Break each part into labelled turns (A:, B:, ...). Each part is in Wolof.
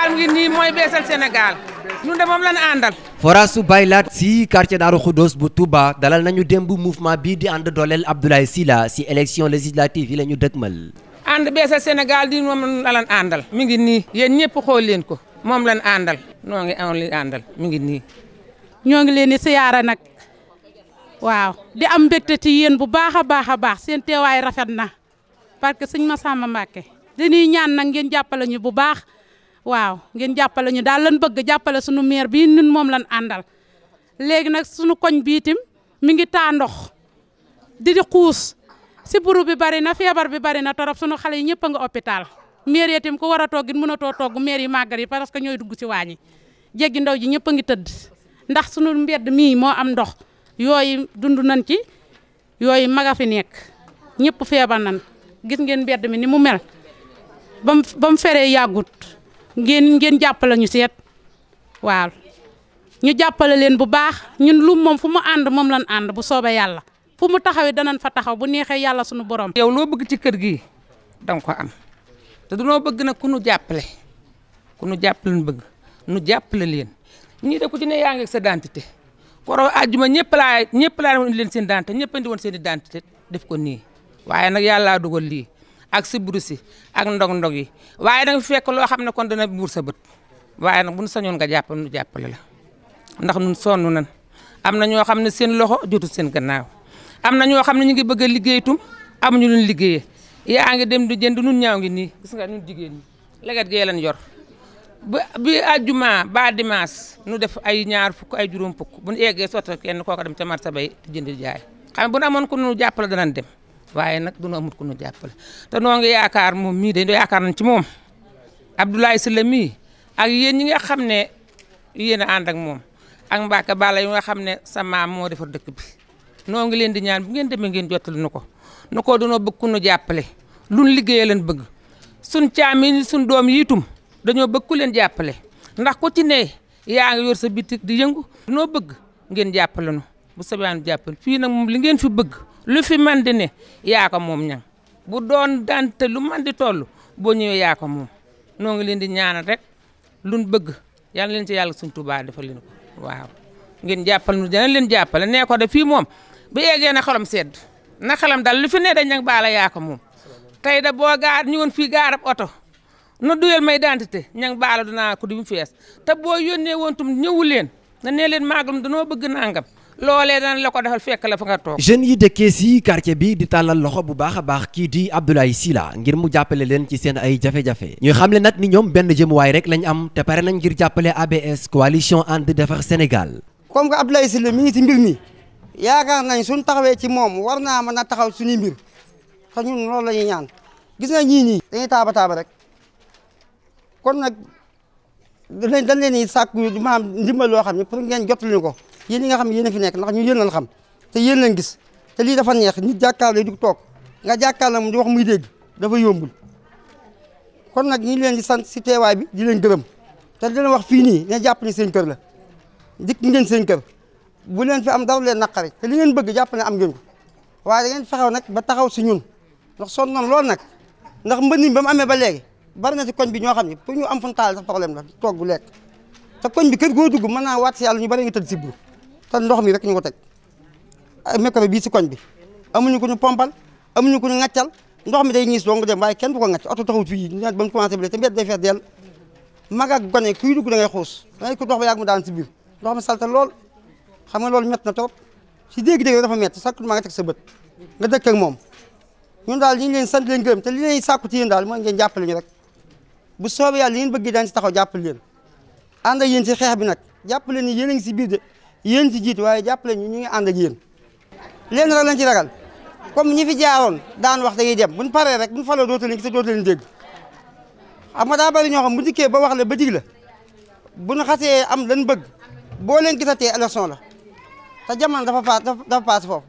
A: Sénégal mu ngi mooy beesal Sénégal ñun de moom la ñu àndal.
B: forage su Baylat si quartier Daaru Khoudoss bu Touba dalal nañu démb mouvement bii di ànd dooleel Abdoulaye Sylla si élection législative yi la ñu dëgmal.
A: ànd beesal Sénégal di moom la àndal. mi ngi nii yéen ñëpp xool leen ko moom la ñu àndal noo ngi amoon àndal mi ngi nii. ñoo ngi leen di siyaara nag waaw di am mbégte ci yéen bu baax a baax a baax seen teewaay rafet na parce que sëñ Massamba Mbacké dañuy ñaan nag ngeen jàppale ñu bu baax. waaw ngeen jàppale ñu daal leen bëgg jàppale sunu maire bii ñun moom leen àndal léegi nag sunu koñ bii tim mi ngi taa ndox di di xuus siburu bi bari na feebar bi bari na torop sunu xale yi ñëpp a nga hôpital maire yi tim ku war a toog it mënatoo toog maire yi màggar yi parce que ñooy dugg ci yi jéggi ndaw ji ñëpp a ngi tëdd ndax sunu mbedd mii moo am ndox yooyu dund nañ ci yooyu maga fi nekk ñépp feebar nan gis ngeen mbedd mi ni mu mel ba mu feree yàggut ngeen ngeen jàppale ñu seet waaw ñu jàppale leen bu baax ñun lu moom fu mu ànd moom lan ànd bu soobee yàlla fu mu taxawee danañ fa taxaw bu neexee yàlla suñu borom. yow loo bëgg ci kër gi danga ko am te dunoo bëgg nag ku nu jàppale ku nu jàppale nu bëgg nu jàppale leen ñii de ku ci ne yaa ngi ak sa identité koro àjjuma ñëpp laa ñëpp laa leen seen identité ñëpp andi woon seen identité def ko nii waaye nag yàlla dugal lii. ak si burusi ak ndog-ndog yi waaye da nga fekk loo xam ne kon dana buur sa bët waaye nag bun nu sañoon nga jàppal nu jàppale la ndax nun sonn nan am na ñoo xam ne seen loxo jotu seen gannaaw am na ñoo xam ne ñu ngi bëgg a liggéey tum amuñu luñ liggéey yaa ngi dem di jënd nun ñaaw ngi nii gis nga nun jigéen ñi leget gee lan yor ba bi àjjuma ba dimanche nu def ay ñaar fukk ay juróom fukk bu nu eggee sotti kenn kooka dem ca marché bay di jënd jaay xam bu nu amoon ku nu jàppale danañ dem. waaye nag dunu amut ku nu jàppale te noo ngi yaakaar moom mii dañu yaakaar nañ ci moom Abdoulaye Sylla mii ak yéen ñi nga xam ne yéen a ànd ak moom ak Mbacke bala yi nga xam ne sa maam moo defar dëkk bi noo ngi leen di ñaan bu ngeen demee ngeen jottali nu ko nu ko dunoo bëgg ku nu jàppale lu nu liggéeyee leen bëgg sun caam yi sun doom yiitum dañoo bëgg ku leen jàppale ndax ko ci ne yaa ngi yor sa bitik di yëngu dunoo bëgg ngeen jàppale nu bu sabaan jàppan fii nag moom li ngeen fi bëgg lu fi man ne yaako moom ñang bu doon dante lu man di toll boo ñëwee yaa ko moom noo ngi leen di ñaanal rek luñ bëgg yal leen ci yàlla suñ Tuubaa dafa leen ko waaw ngeen jàppal nu dana leen jàppale ne ko de fii moom bu yeggee na xolam sedd na xelam dal lu fi ne dañ nag baala yaa ko moom boo gaar ñu fii gaarab oto nu duyal may identité ñang baala dinaa mu fees te boo yónnee woon tam ñëwu leen na nee leen maagam danoo bëgg nangam loolee dana la ko defal fekk la fa nga toog
B: yi dëkkee si quartier bi di tàllal loxo bu baax a baax kii di Abdoulaye Sylla ngir mu jàppale leen ci seen ay jafe-jafe ñuy xamle nag ni ñoom benn jëmuwaay rek lañ am te pare nañ ngir jàppale ABS coalition ànd defar Sénégal comme que Abdoulaye Sylla mi ngi ci mbir mi yaakaar nañ suñ taxawee ci moom war naa mën a taxaw suñuy mbir te ñun loolu la ñuy ñaan gis nga ñii ñii dañuy taaba taaba rek kon nag dañ leen di sàkku maanaam ndimbal loo xam ne pour ngeen jottali ko yéen ñi nga xam yéen a fi nekk ndax ñu yéen lañ xam te yéen na gis te lii dafa neex nit jàkkaarloo di toog nga jàkkaarloo moom di wax muy dégg dafa yombul kon nag ñu leen di sant si teewaay bi di leen gërëm te di leen wax fii nii ne jàpp ne seen kër la dikk ngeen seen kër bu leen fi am dara leen naqari te li ngeen bëgg jàpp ne am ngeen ko waaye da ngeen fexew nag ba taxaw si ñun ndax son noonu lool nag ndax mbënd mi ba mu amee ba léegi bari na si koñ bi ñoo xam ne pour ñu am fu mu taal sax problème la toog bu lekk te bi kër goo dugg mën naa waat si ñu bari nga tëdd si te ndox mi rek ñu ko teg ah, micro bii si koñ bi amuñu ko ñu pompal amuñu ko ñu ŋàccal ndox mi day ñiis dong dem waaye kenn du ko ŋàcc oto taxawut fii ñaar ba mu commencé bi le te mbedd day ko ndox ba yàgg mu daan si biir ndox mi salte lool xam nga loolu mett na trop si dégg-dégg dafa mett sakku maa nga teg sa bët nga dëkk ak moom ñun daal ñu ngi leen sant leen gërëm te li leen sàkku ci yéen daal mooy ngeen jàppale ñu rek bu soobee yàlla li ngeen bëgg si taxaw jàppale leen ànd ak yéen si xeex bi nag jàppale ni yéen a ngi si biir de yéen ci jiit waaye jàppale ñu ñu ngi ànd ak yéen leen rek lañ ci ragal comme ñi fi jaaroon daan wax dañuy dem buñ paree rek buñ faloo dootu leen gis dootu leen dégg xam nga daa bari ñoo xam bu kee ba wax la ba dig la buñ xasee am lan bëgg boo leen gisatee élection la te jamono dafa paas dafa paas foofu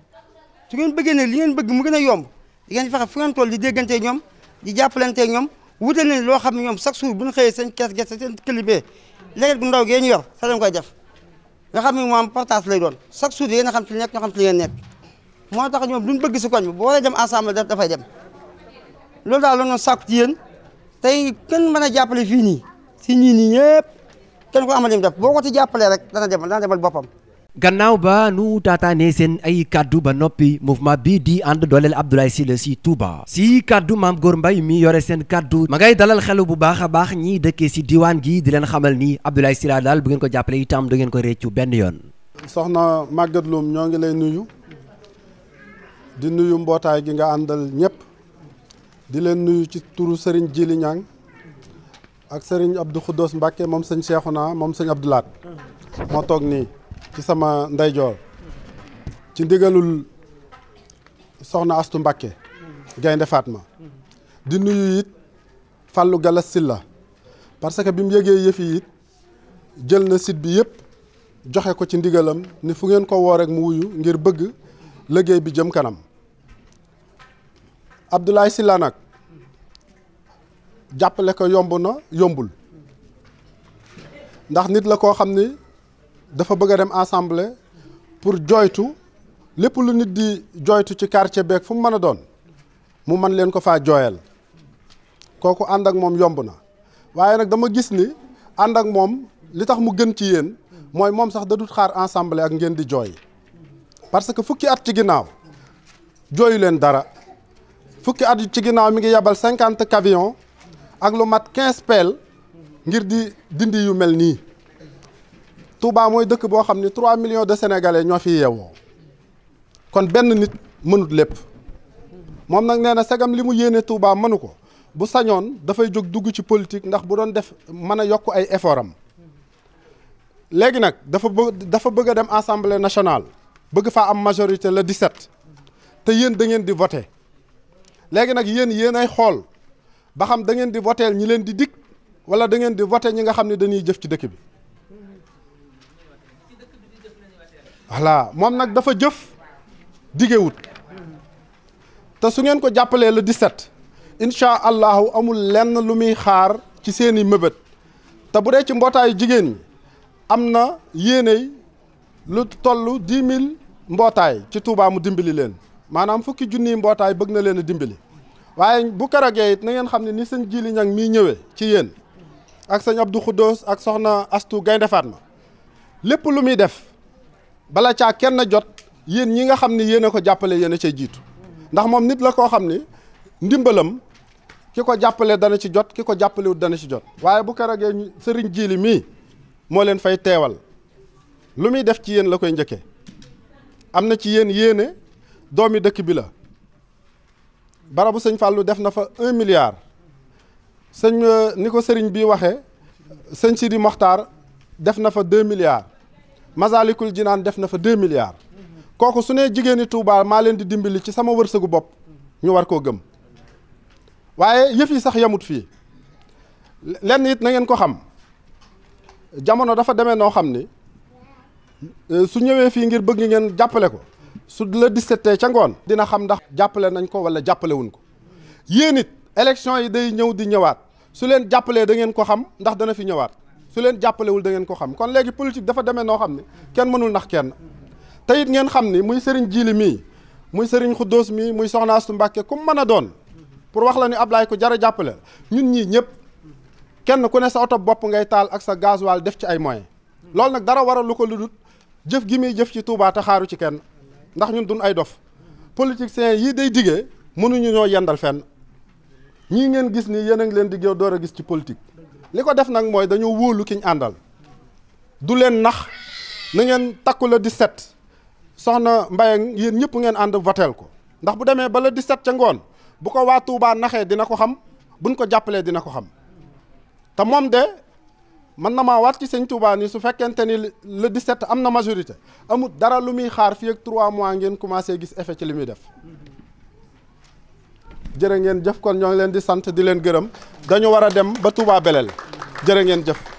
B: su ngeen bëggee ne li ngeen bëgg mu gën a yomb di ngeen fexe fu ngeen toll di déggante ñoom di jàppalante ñoom wutal leen loo xam ne ñoom chaque jour buñ xëyee seen kees gerte seen kilibee léegi bu gee ñu yor sa leen koy def nga xam ne moom partage lay doon chaque jour yéen a xam ci li nekk ñoo xam ci li ngeen moo tax ñoom duñ bëgg si koñ bi boo waree dem ensemble dafay dem loolu daal la ñu sàkku ci yéen tey kenn mën a jàppale fii nii si ñii nii ñëpp kenn ko amal li mu boo ko ci jàppalee rek dana demal dana demal boppam gannaaw ba nu taataane seen ay kàddu ba noppi mouvement bi di ànd dooleel Abdoulaye Sylla si Touba si kàddu maam Góor Mbay mi yore seen kàddu ma ngay dalal xelu bu baax a baax ñiy dëkkee si diwaan gi di leen xamal ni Abdoulaye Sylla daal bu ngeen ko jàppale itam du ngeen ko réccu benn yoon
C: soxna Maguette Loum ñoo ngi lay nuyu di nuyu mbootaay gi nga àndal ñëpp di leen nuyu ci turu Serigne Djili Niang ak sëriñ Abdou Khoudos Mbacke moom sëñ Cheikhouna moom sëñ Abdoulaat ci sama ndeyjoor ci ndigalul soxna Astu Mbàkke Gaynde Fatma di nuyu it Fallou Galas Silla parce que bi mu yëgee yëf yi jël na sit bi yëpp joxe ko ci ndigalam ni fu ngeen ko woo rek mu wuyu ngir bëgg liggéey bi jëm kanam Abdoulaye Silla nag jàppale ko yomb na yombul ndax nit la koo xam ni dafa bëgg a dem assemblée pour joytu lépp lu nit di jooytu ci quartier beeg fu mu mën a doon mu mën leen ko faa jooyal kooku ànd ak moom yomb na waaye nag dama gis ni ànd ak moom li tax mu gën ci yéen mooy moom sax da dut xaar assemblée ak ngeen di jooy parce que fukki at ci ginnaaw jooyu leen dara fukki at ci ginnaaw mi ngi yabal cinquante camions ak lu mat quinze pelle ngir di dindi yu mel nii Touba mooy dëkk boo xam ni trois millions de sénégalais ñoo fi yeewoo kon benn nit mënut lépp moom nag nee na segam li mu yéene Touba mënu ko bu sañoon dafay jóg dugg ci politique ndax bu doon def mën a yokk ay effort léegi nag dafa bëgg dafa bëgg a dem assemblée nationale bëgg faa am majorité le 17 te yéen da ngeen di voté léegi nag yéen yéen ay xool ba xam da ngeen di voteel ñi leen di dikk wala da ngeen di voté ñi nga xam ne dañuy jëf ci dëkk bi. voilà moom nag dafa jëf digewut te su ngeen ko jàppalee le 17 incha allahu amul lenn lu muy xaar ci seeni mëbët te bu dee ci mbootaayu jigéen ñi am na yéeney lu toll dix mille mbootaay ci Touba mu dimbali leen maanaam fukki junni mbootaay bëgg na leen a dimbali waaye bu karagee it ngeen xam ne ni sëñ Jili Ñang mii ñëwee ci yéen ak sëñ Abdou Khoudous ak soxna Astou Gaynde ma lépp lu muy def. bala caa kenn jot yéen ñi nga xam ne yéen a ko jàppale yéen a cay jiitu ndax moom nit la koo xam ne ndimbalam ki ko jàppale dana ci jot ki ko jàppalewut dana ci jot waaye bu kerogee sëriñ jiili mii moo leen fay teewal lu muy def ci yéen la koy njëkkee am na ci yéen yéene doomi dëkk bi la barabu sëñ Fallou def na fa un milliard sëñ euh, ni ko sëriñ bi waxee sëñ Sidi Mokhtar def na fa deux milliards Masalikul Jinaan def na fa deux milliards kooku su nee jigéeni Touba maa leen di dimbali ci sama wërsëgu bopp ñu war koo gëm waaye yëf yi sax yamut fii lenn it na ngeen ko xam jamono dafa demee noo xam ni euh, su ñëwee fii ngir bëgg ngeen jàppale ko su la dissetee ca ngoon dina xam ndax jàppale nañ ko wala jàppalewuñ ko yéen it élection yi day ñëw di ñëwaat su leen jàppalee da ngeen ko xam ndax dana fi ñëwaat su leen jàppalewul da ngeen ko xam kon léegi politique dafa demee noo xam ne kenn mënul nax kenn te it ngeen xam ni muy sëriñ Jili mii muy sëriñ Xuddoos mii muy Soxna Astu Mbàkke ku mën a doon pour wax la ni Ablaay ko jar a jàppale ñun ñii ñëpp kenn ku ne sa oto bopp ngay taal ak sa gasoil def ci ay moyens loolu nag dara waral lu ko ludul jëf gi muy jëf ci tuubaate xaaru ci kenn ndax ñun dun ay dof politiciens yii day diggee mënuñu ñoo yendal fenn ñii ngeen gis ni yéen a ngi leen di door gis ci politique li ko def nag mooy dañoo wóolu ki àndal du leen nax na ngeen takku la 17 soxna Mbaye yéen ñëpp ngeen ànd voteel ko ndax bu demee ba la 17 ca ngoon bu ko waa tuubaa naxee dina ko xam buñ ko jàppalee dina ko xam te moom de man na maa waat ci sëñ Touba ni su fekkente ni le 17 am na majorité amut dara lu muy xaar fii ak trois mois ngeen commencé gis effet ci li muy def. jërë ngeen jëf kon ñoo ngi leen di sant di leen gërëm dañu war a dem ba Touba beleel jërë ngeen jëf